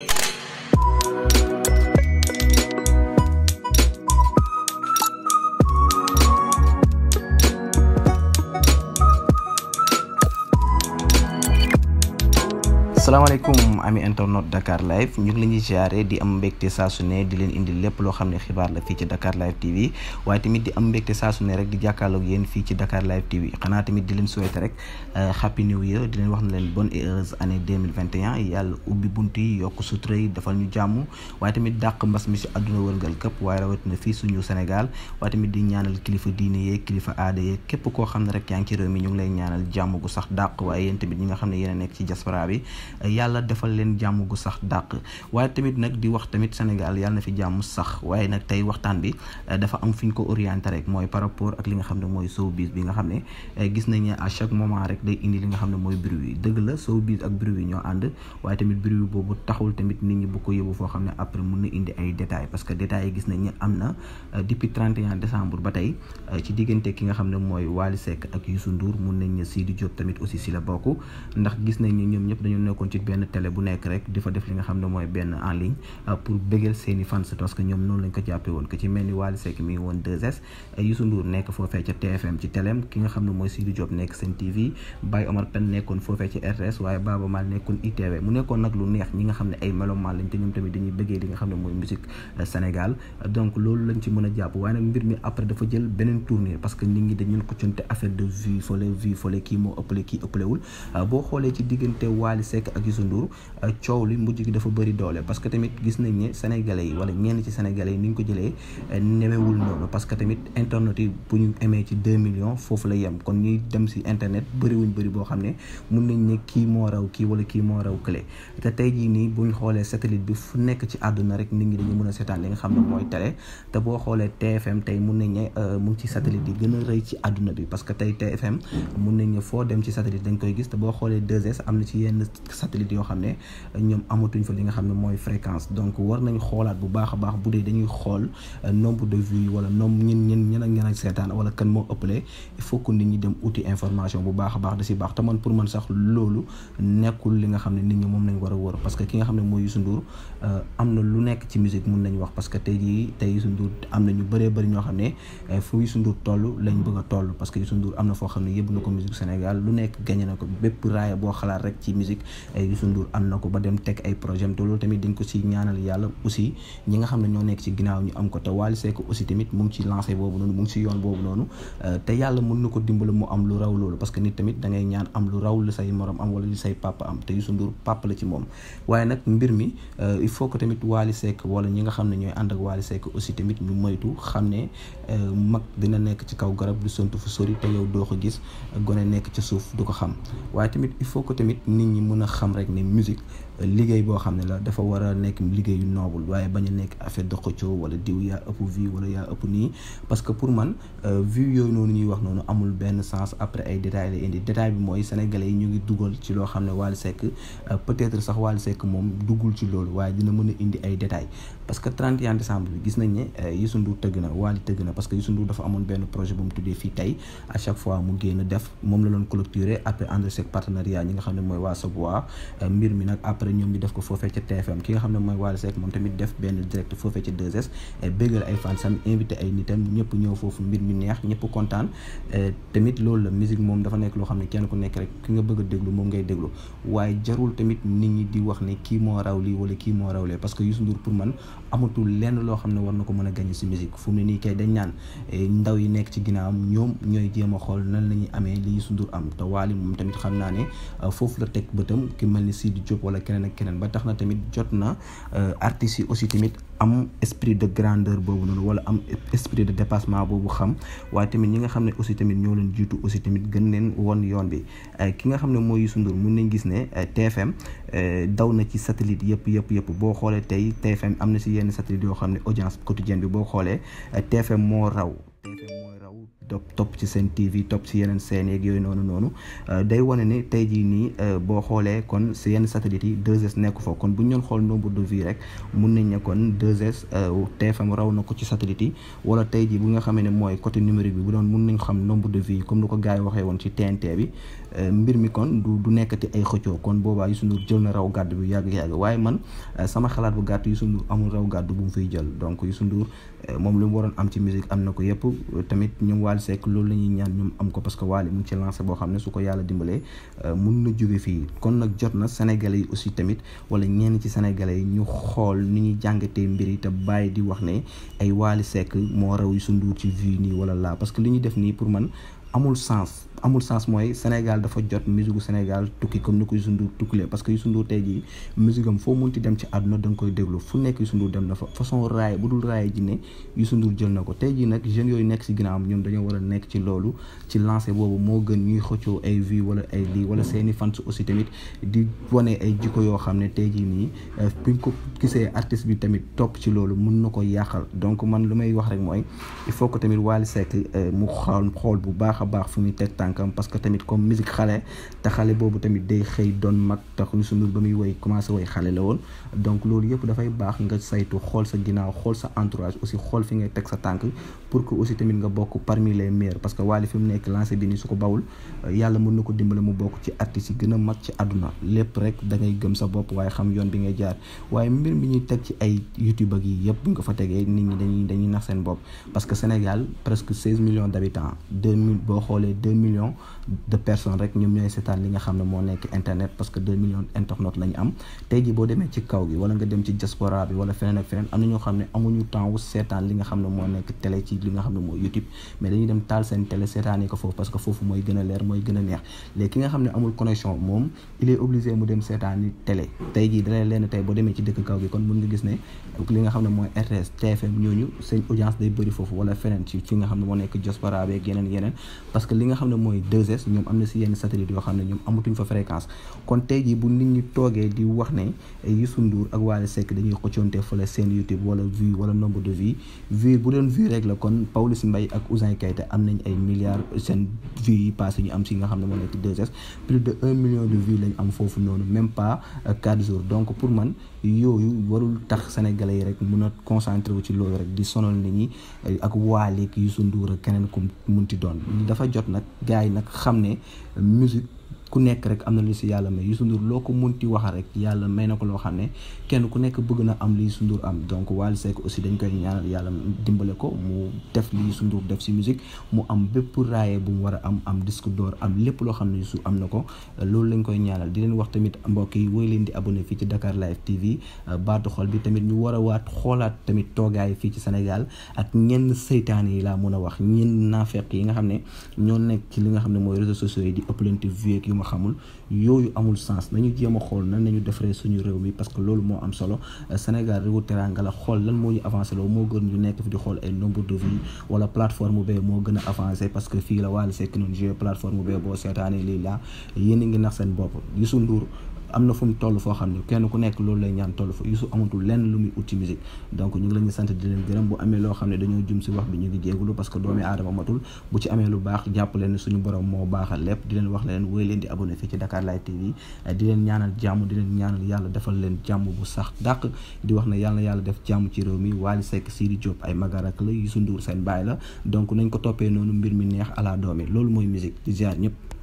you asalaamaaleykum ami internet Dakar live ñu ngi la ñuy jaare di am mbégte saa su di leen indi lépp loo xam ne xibaar la fii ci Dakar live TV waaye tamit di am mbégte saa ne rek di jàkkaarloog yéen fii ci Dakar live TV xanaa tamit di leen souhaiter rek euh, happy new year di leen wax na leen bonne et heureuse année 2021 yàlla ubbi bunt yi yokk sutura yi defal ñu jàmm waaye tamit dàq mbas mi si àdduna wërngal këpp waaye rawatina fii suñu Sénégal waaye tamit di ñaanal kilifa diine yeeg kilifa aada yeeg képp koo xam ne rek yaa ngi mi ñu ngi lay ñaanal jàmm gu sax dàq waaye yéen tamit ñi nga xam ne yéen a nekk ci diaspora bi yàlla defal leen jàmm gu sax dàq waaye tamit nag di wax tamit Sénégal yàlla na fi jàmm sax waaye nag tey waxtaan bi eh, dafa am fi ñu ko oriente rek mooy par rapport ak li nga xam ne mooy showbiz bi nga xam ne eh, gis nañ à chaque moment rek day indi li nga xam ne mooy bruit dëgg la showbiz ak bruit ñoo ànd waaye tamit bruit boobu taxul tamit nit ñi bu ko foo xam ne après mun na indi ay détails parce que détails gis nañ ne am na eh, depuis 31 décembre ba tey ci diggante ki nga xam ne mooy Wally Seck ak Youssou Ndour mun nañ ne Sidi Diop tamit aussi si la bokk ndax gis na ne ñoom ñëpp dañu nekkoon nekkoon ci benn télé bu nekk rek di def li nga xam ne mooy benn en ligne euh, pour bëggal seen i fans ñoom noonu lañ ko jàppee woon euh, ki euh, a jàpp waaye nag mbir mi après dafa jël beneen moo ëppale kii ëppalewul boo xoolee ci diggante Wally Seck ak Youssou Ndour euh, coow li mujj gi dafa bëri doole parce que tamit gis nañ ne sénégalais yi wala ñenn ci sénégalais yi ni ñu ko jëlee euh, newewul noonu parce que tamit internet bu ñu amee ci 2 millions foofu la yem kon ñuy dem si internet bëriwuñ bëri boo xam ne mun nañ ne kii moo raw kii wala kii moo raw kële te tey bi fu nekk ci àdduna rek nit ñi dañu mën a seetaan li nga xam ne mooy télé te boo xoolee TFM tey mun nañ ne euh, mu ci satellite yi gën a rëy ci àdduna bi parce que tey TFM mun nañ ne foo dem ci satellite dañ koy gis te boo xoolee 2S am na ci satellite yoo xam ne ñoom amatuñ fa li nga xam ne mooy fréquence donc war nañ xoolaat bu baax a baax bu dee dañuy xool euh, nombre de vues wala nombre ñin ñin ñen ak ñen ak wala kan moo ëppale il faut que dem uti bu baax a baax da si baax te man pour man sax loolu nekkul li nga xam ne nit ñi moom lañ war a wër parce que ki nga xam ne mooy Youssou euh, am na lu nekk ci musique mun nañ wax parce que tey jii tey Youssou Ndour am na ñu bëree bëri ñoo xam ne euh, fu Youssou Ndour toll lañ bëgg toll parce que Youssou am na foo xam ne yëpp na ko musique Sénégal lu nekk gagné na ko bépp raaya boo xalaat rek ci musique ay Youssou Ndour am na ko ba dem teg ay projet am loolu tamit dañ ko si ñaanal yàlla aussi ñi nga xam ne ñoo nekk ci ginnaaw ñu am ko te Wally Seck aussi tamit mu ngi euh, da ngay ñaan am lu raw lu say morom am wala say papa am te Youssou la ci moom waaye nag mbir mi euh, il faut que tamit Wally Seck wala ñi nga xam ne ñooy ànd ak Wally Seck aussi tamit ñu moytu xam ne euh, mag dina nekk ci kaw garab du sant fu sori te yow doo ko gis gone nekk ci suuf du ko xam waaye tamit il faut que tamit nit ñi mën a xam xam rek ne musique liggéey boo xam ne la dafa war a nekk liggéey yu noobul waaye bañ nekk affaire de xëccoo wala diw yaa ëpp vie wala yaa ëpp nii parce que pour man euh, vie yooyu noonu ñuy wax noonu amul benn sens après ay détails la indi détail bi mooy sénégalais yi ñu ngi dugal ci loo xam ne Wally Seck euh, peut-être sax Wally Seck moom duggul ci loolu waaye dina mën a indi ay détails parce que 31 décembre bi gis nañ ne euh, Youssou Ndour tëgg na Wally tëgg na parce que Youssou Ndour dafa amoon benn projet bu mu tuddee fii tey à chaque fois mu génn def moom la doon clôturer après André Seck partenariat ñi nga xam ne mooy waa Soboa mbir mi nag après ñoom ñu def ko foofee ca TFM ki nga xam ne eh, foofu mbir eh, loo xam ne kenn ku nekk rek ki nga bëgg di wax ne kii moo raw lii wala kii moo raw lee parce que amatul lenn loo xam ne war na ko mën a gagné si musique fu mu ne nii kay dañ naan eh, ndaw yi nekk ci ginnaawam ñoom ñooy jéem a xool nan la ñuy amee li Youssou Ndour am te Wally moom tamit xam naa ne foofu la teg bëtam ki mel ni Sidi Diop wala keneen keneen keneen ba tax na tamit jot na euh, artistes yi aussi tamit am esprit de grandeur boobu noonu wala am esprit de dépassement boobu xam waaye tamit ñi nga xam ne aussi tamit ñoo leen jiitu aussi tamit gën leen won yoon bi euh, ki nga xam ne mooy Youssou Ndour mun nañ gis ne euh, TFM daw na ci satellite yëpp yëpp yëpp boo xoolee tey TFM am na si yenn satellite yoo xam ne audience quotidienne bi boo xoolee TFM moo raw topp topp ci seen TV topp ci yeneen seen yeeg yooyu noonu noonu euh, day wane ni tey jii nii euh, boo xoolee kon si yenn satellite yi 2S nekku fa kon bu ñu doon xool nombre de vues rek mun nañ ne kon 2S euh, TFM raw na ko ci satellite yi wala tey jii bu nga xamee ne mooy côté numérique bi bu doon mun nañ xam nombre de vues yi comme ni ko gars yi waxee woon ci TNT bi mbir mi kon du du nekkati ay xëccoo kon boobaa Youssou Ndour jël na raw gàddu bi yàgg-yàgg waaye man sama xalaat bu gàtt Youssou Ndour amul raw gàddu bu mu fiy jël donc Youssou Ndour moom li mu am ci musique am na ko yëpp Wally loolu la ñuy ñaan ñoom am ko parce que Wally mu ngi ci lancé boo xam ne su ko yàlla dimbalee euh, mun na jóge fii kon nag jot na sénégalais yi aussi tamit wala ñeen ci sénégalais yi ñu xool ni ñuy jàngatee mbir yi te bàyyi di wax ne ay Wally Seck moo raw yu sunduur ci vie nii wala laa parce que li ñuy def nii pour man amul sens amul sens mooy Sénégal dafa jot musique Sénégal tukki comme ni ko Youssou Ndour tukkilee parce que Youssou Ndour tey jii musique am foo munti dem ci àdduna da koy déglu fu nekk Youssou Ndour dem na fa façon raay bu dul raay ji ne Youssou Ndour jël ko tey jii nag jeunes yooyu nekk si ginnaawam ñoom dañoo war a nekk ci loolu ci lancé boobu moo gën ñuy xëccoo ay vie wala ay lii wala seeni fans aussi tamit di wane ay jikko yoo xam ne tey jii nii euh, bu ko gisee artiste bi tamit topp ci loolu mun na ko yàqal donc man lu may wax rek mooy il faut que tamit Wally Seck euh, mu xool xool bu baax baax a baax fu muy teg tànkam parce que tamit comme musique xale te xale boobu tamit day xëy doon mag tax ñu sunu ba muy woy commencé woy xale la woon donc loolu yëpp dafay baax nga saytu xool sa ginnaaw xool sa entourage aussi xool fi ngay teg sa tànk pour que aussi tamit nga bokk parmi les meilleurs parce que Wally fi mu nekk lancé bi ni su ko bawul yàlla mën na ko dimbale mu bokk ci artistes yi gën a mag ci àdduna lépp rek da ngay gëm sa bopp waaye xam yoon bi ngay jaar waaye mbir mi ñuy teg ci ay youtube ak yi yëpp bu fa tegee nit ñi dañuy dañuy nax seen bopp parce que Sénégal presque 16 millions d' habitants boo xoolee deux millions de personnes rek ñoom ñooy seetaan li nga xam ne moo nekk internet parce que deux millions internautes la ñu am tey ji boo demee ci kaw gi wala nga dem ci diaspora bi wala feneen ak feneen na ñoo xam ne amuñu temps wu seetaan nga xam ne moo nekk télé ci li nga xam ne mooy YouTube mais dañuy dem taal seen télé seetaanee ko foofu parce que foofu mooy gën a a neex léegi ki nga xam ne amul connexion moom il est tey jii dalee leen tey boo demee ci dëkk kaw gi kon mun nga gis ne li nga xam ne mooy RTS TFM ñooñu seen audience day bëri foofu wala feneen ci ci nga xam ne moo nekk diaspora beeg yeneen yeneen parce que li nga xam ne mooy 2S ñoom am na si yenn satellite yoo xam ne ñoom amatuñ fa fréquence kon tey jii bu nit ñi toogee di wax ne eh, Youssou Ndour ak Wally Seck dañuy xëccoonte fële seen YouTube wala vue wala nombre de vues vue bu doon vue rek kon Pawlish Mbaye ak Ouzin Keita am nañ ay milliards seen vues yi ñu am si nga xam ne moo nekk 2S plus de 1 million de foofu noonu même pas 4 euh, jours donc pour man yooyu warul tax sénégalais yi rek mun a concentré wu ci loolu rek di sonal nit ñi eh, ak Wally ak Youssou Ndour ak keneen ku munti doon dafa jot nag gars yi nag xam ne musique ku nekk rek am na lu si yàlla may Youssou Ndour loo ko munti wax rek yàlla may na ko loo xam ne kenn ku nekk bëgg na am li Youssou Ndour am donc Wally Seck aussi dañ koy ñaanal yàlla dimbale ko mu def li Youssou Ndour def si musique mu am bépp raaye bu mu war a am am disque d'or am lépp loo xam ne su am na ko loolu lañ koy ñaanal di leen wax tamit mbokk yi woy leen di abonné fii ci Dakar Live TV baatu xol bi tamit ñu war a waat xoolaat tamit toogaay fii ci Sénégal ak ñenn seytaane yi laa mën a wax ñenn naafeq yi nga xam ne ñoo nekk ci li nga xam ne mooy réseaux yi ma xamul yooyu amul sens nañu jéem a xool nan nañu defaree suñu réew mi parce que loolu moo am solo Sénégal réewu teranga la xool lan moo ñu avancé loo moo gën ñu nekk fi di xool ay nombre de vues wala plateforme bee moo gën a avancé parce que fii la Wally Seck noonu joué plateforme bee boo seetaanee lii laa yéen ngi nax seen bopp Youssou Ndour am na fu mu toll foo xam ne kenn ku nekk loolu lay ñaan toll fa Youssou amatul lenn lu muy uti musique donc ñu ngi lañu sant di leen gërëm bu amee loo xam ne dañoo jum si wax bi ñu ngi jéegulu parce que doomi aadama matul bu lu baax jàpp leen ne suñu borom moo baaxal lépp di leen wax leen wooy leen di abonné fii leen ñaanal jàmm di leen ñaanal yàlla defal leen jàmm bu sax dàq di wax ne yàlla yàlla def jàmm ci réew mi Wally Seck Sidi Diop ay magarak la Youssou Ndour seen baay la donc nañ ko toppee noonu mbir mi neex ala doomi loolu mooy musique di ziar ñëpp